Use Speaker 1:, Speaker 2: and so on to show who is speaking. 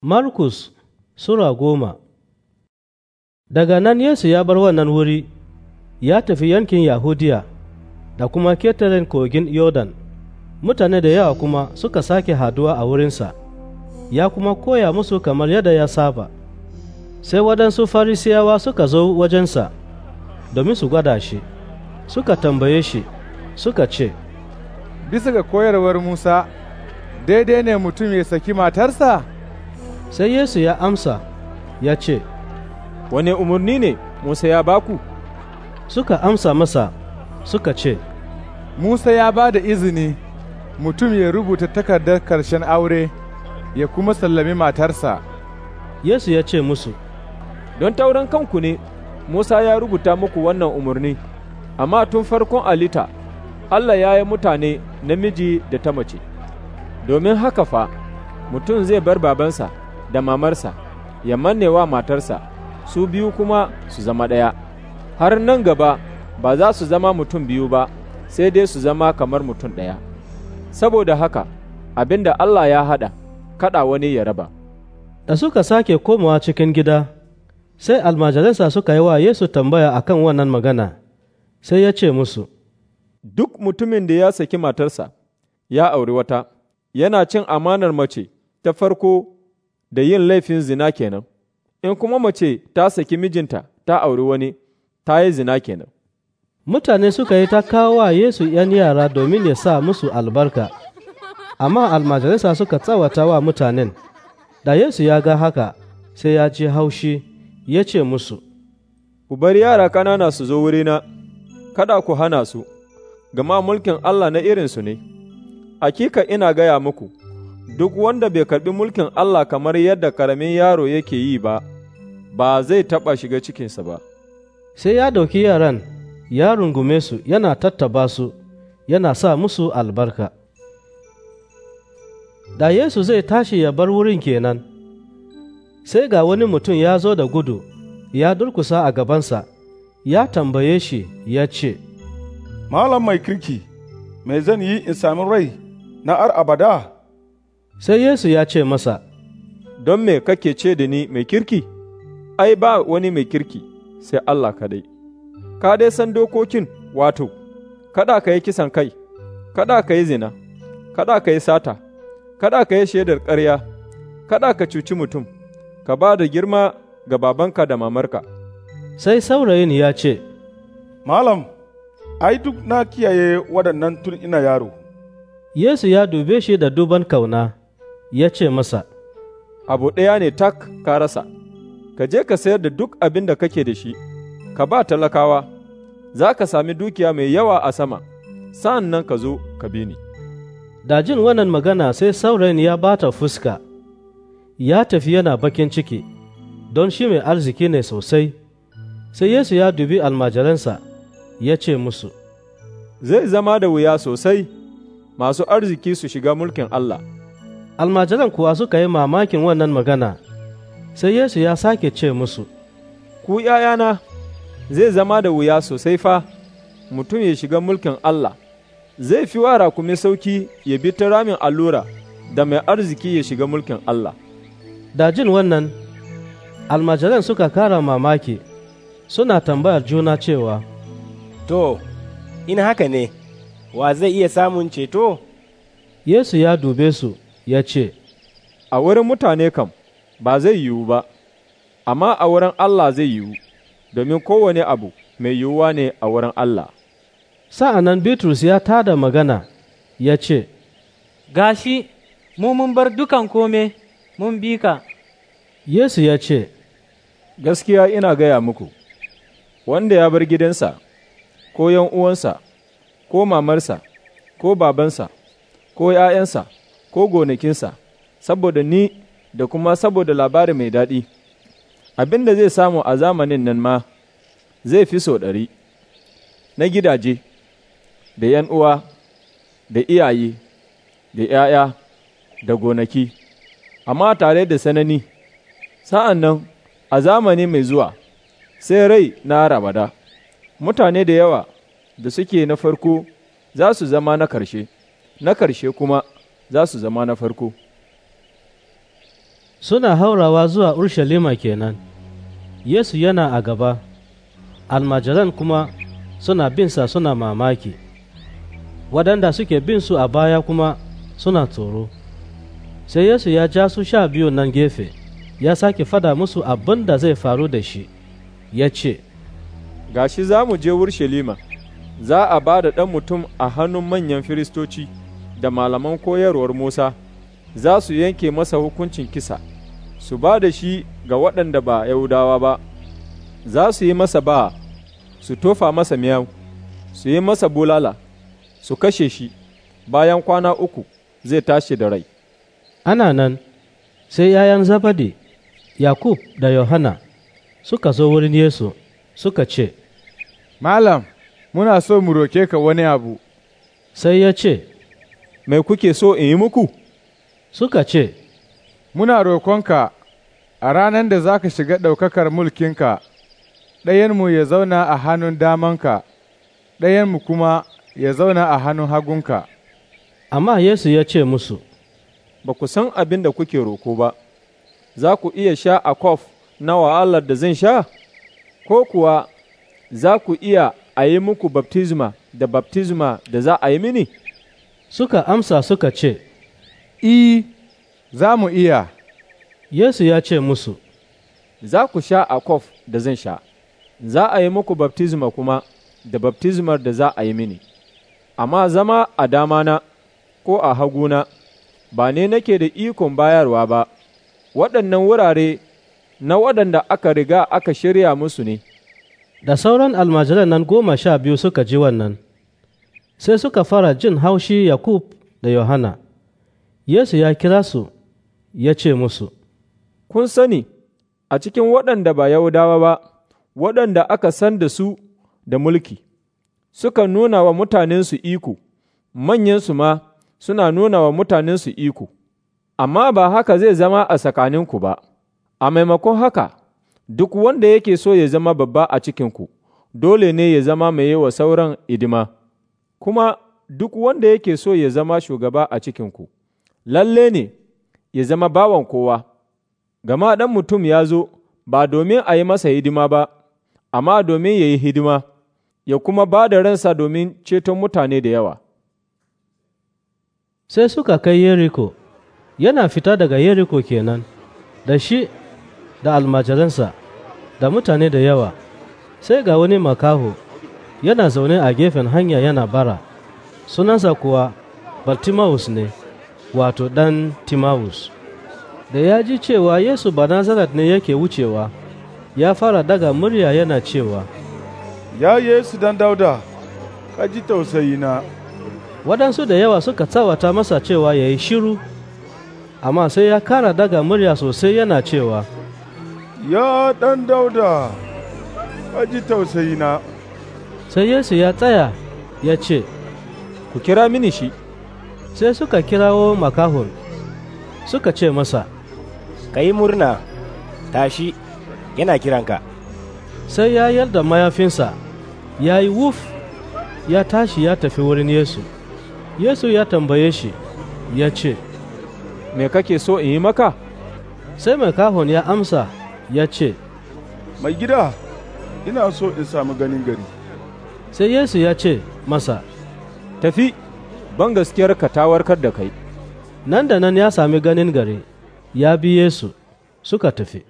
Speaker 1: Markus Sura goma Daga nan Yesu ya bar wannan wuri, ya tafi yankin Yahudiya da kuma ketaren kogin Yordan, mutane da yawa kuma suka sake haduwa a wurinsa, ya kuma koya musu kamar yadda ya saba. Sai waɗansu farisiyawa suka zo wajensa domin su gwada shi, suka tambaye shi, suka ce, Bisa ga koyarwar Musa, daidai ne mutum ya saki matarsa? sai Yesu ya amsa ya ce, Wane umarni ne Musa ya baku? Suka amsa masa suka ce, Musa ya ba da izini mutum ya rubuta takardar karshen aure ya kuma sallami
Speaker 2: matarsa. Yesu ya ce musu, Don tauran kanku ne, Musa ya rubuta muku wannan umarni, amma tun farkon alita, Allah ya yi mutane namiji da ta mace, domin haka fa mutum zai bar babansa. da mamarsa ya manne wa matarsa su biyu kuma su zama ɗaya har nan gaba ba za su zama mutum biyu ba sai dai su zama kamar mutum ɗaya saboda haka abin da Allah ya haɗa kaɗa wani ya raba
Speaker 1: da suka sake komawa cikin gida sai almajiransa suka yi wa Yesu
Speaker 2: tambaya akan wannan magana sai ya ce musu duk mutumin da ya saki matarsa ya auri wata yana cin amanar mace ta farko da yin laifin zina kenan, in kuma mace ta saki mijinta ta auri wani, ta yi zina kenan.
Speaker 1: Mutane suka yi ta kawo wa Yesu ‘yan yara domin ya sa musu albarka, amma almajalisa suka tsawata wa mutanen, da Yesu ya ga haka sai ya ce haushi ya ce musu, Ku bar
Speaker 2: yara ƙanana su zo wurina, kada ku hana su, gama mulkin Allah na irinsu ne, hakika ina gaya muku. duk wanda bai karɓi mulkin Allah kamar yadda ƙaramin yaro yake yi ba, ba zai taɓa shiga cikinsa ba.
Speaker 1: Sai ya ɗauki yaran, ya rungume su yana tattaba su, yana sa musu albarka. Da Yesu zai tashi ya bar wurin kenan, sai ga wani mutum ya zo da gudu, ya durkusa a gabansa, ya tambaye shi ya ce, Malam mai kirki, mai zan
Speaker 2: yi in sami rai na ar abada?' Sai Yesu ya ce masa, Don me kake ce da ni mai kirki? Ai, ba wani mai kirki sai Allah kadai. Ka dai san dokokin wato, kada ka yi kisan kai, kada ka yi zina, kada ka yi sata, kada ka yi shaidar ƙarya, kada ka cuci mutum, ka ba da girma ga babanka da mamarka. Sai saurayin ya ce, Malam, ai duk na kiyaye waɗannan tun ina
Speaker 1: yaro. Yesu ya dube shi da duban kauna. ya ce masa,
Speaker 2: Abu ɗaya ne tak ka rasa, ka je ka sayar da duk abin da kake da shi, ka ba talakawa, za ka sami dukiya mai yawa a sama, sa'an nan ka zo ka bi ni.
Speaker 1: dajin wannan magana sai saurayin ya bata fuska, ya tafi yana bakin ciki, don shi mai arziki ne sosai, sai Yesu ya dubi almajiransa ya ce musu, Zai zama da wuya sosai masu arziki su shiga mulkin Allah. almajiran kuwa suka yi mamakin wannan magana sai yesu ya sake ce musu ku ’ya'yana
Speaker 2: zai zama da wuya sosai fa mutum ya shiga mulkin allah zai fi wara kuma sauki ya bi ta ramin allura da mai arziki ya shiga mulkin allah
Speaker 1: da jin wannan almajiran suka kara mamaki suna tambayar juna cewa to in haka ne wa zai iya samun
Speaker 2: ceto yesu ya dube su ya ce, A wurin mutane kam ba zai yiwu ba, amma a wurin Allah zai yiwu, domin kowane abu mai yiwuwa ne a wurin Allah.
Speaker 1: Sa'an nan Bitrus ya tada magana ya ce,
Speaker 2: Gashi, mu mun bar dukan kome, mun bi ka. Yesu ya ce, Gaskiya ina gaya muku, wanda ya bar gidansa, ko uwansa, ko mamarsa, ko babansa, ko ’ya'yansa, ko gonakinsa, saboda ni da kuma saboda labari mai daɗi, abin da zai samu a zamanin nan ma zai fi so ɗari, na gidaje, da ’yan uwa, da iyaye, da ’ya'ya, da gonaki, amma tare da sanani, sa'an nan a zamani mai zuwa, sai rai na rabada, mutane da yawa da suke na farko za su zama na ƙarshe, na ƙarshe kuma. za su zama na farko
Speaker 1: suna haurawa zuwa urshalima kenan yesu yana a gaba almajiran kuma suna bin sa suna mamaki waɗanda suke bin su a baya kuma suna tsoro sai yesu ya ja su sha biyu nan gefe ya sake fada musu abin da zai faru da shi ya ce
Speaker 2: gashi za mu je urshalima za a ba da ɗan mutum a hannun manyan firistoci da malaman koyarwar Musa za su yanke masa hukuncin kisa, su ba da shi ga waɗanda ba Yahudawa ba, za su yi masa ba, su tofa masa miyau, su yi masa bulala, su kashe shi, bayan kwana uku zai tashi da rai. Ana nan, sai
Speaker 1: ’ya'yan Zabadi, Yakub da Yohana suka zo wurin Yesu suka ce, Malam, muna so mu roke ka wani abu. Sai ya ce,
Speaker 2: mai kuke so in yi muku? Suka ce, Muna rokonka a ranar da za ka shiga ɗaukakar mulkinka, ɗayanmu ya zauna a hannun damanka, ɗayanmu kuma ya zauna a hannun hagunka. Amma Yesu ya ce musu, Ba ku san abin da kuke roko ba, za ku iya sha a kof na wa'alar da zan sha? Ko kuwa za ku iya a yi muku baptisma da baptisma da za a yi mini? Suka amsa suka ce, I, za mu iya. Yesu ya ce musu, Za ku sha a kof da zan sha, za a yi muku baptizma kuma da baptizmar da za a yi mini, amma zama a damana ko a haguna ba ne nake da ikon bayarwa ba, waɗannan wurare na waɗanda aka riga aka shirya musu ne.
Speaker 1: Da sauran almajiran nan goma sha biyu suka ji wannan. sai suka fara jin haushi yakub da yohana yesu ya kira su ya ce musu
Speaker 2: kun sani a cikin waɗanda ba yahudawa ba waɗanda aka san da su da mulki suka nuna wa mutanensu iko manyansu ma suna nuna wa mutanensu iko amma ba haka zai zama a tsakaninku ba a maimakon haka duk wanda yake so ya zama babba a cikinku dole ne ya zama mai yi wa sauran idima. kuma duk wanda yake so ya zama shugaba a cikinku, lalle ne ya zama bawan kowa, gama ɗan mutum ya zo ba domin a yi masa hidima ba, amma domin ya yi hidima, ya kuma ba da ransa domin ceton mutane da yawa.
Speaker 1: Sai suka kai Yeriko, yana fita daga Yeriko kenan, da shi da almajiransa, da mutane da yawa, sai ga wani makaho. yana zaune a gefen hanya yana bara sunansa kuwa baltimaus ne wato ɗan Timaus da ya ji cewa Yesu ba nazarat ne yake wucewa ya fara daga murya yana cewa
Speaker 2: ya Yesu dan dauda ka ji tausayina
Speaker 1: waɗansu da yawa suka tsawata masa cewa ya yi shiru amma sai ya kara daga murya sosai yana cewa
Speaker 2: ya ɗan dauda ka ji tausayina
Speaker 1: sai Yesu ya tsaya ya ce, Ku kira mini shi, sai suka kirawo makahon suka ce masa, Ka yi murna, tashi, yana kiranka. Sai ya yarda mayafinsa, ya yi wuf, ya tashi ya tafi wurin Yesu. Yesu ya tambaye shi, ya ce, Me kake so in yi maka? Sai makahon ya amsa, ya ce,
Speaker 2: Mai gida, ina so in sami ganin gari.
Speaker 1: sai Yesu ya ce masa, Tafi, ban gaskiyarka ta warkar da kai. Nan da nan ya sami ganin gare, ya bi Yesu, suka tafi.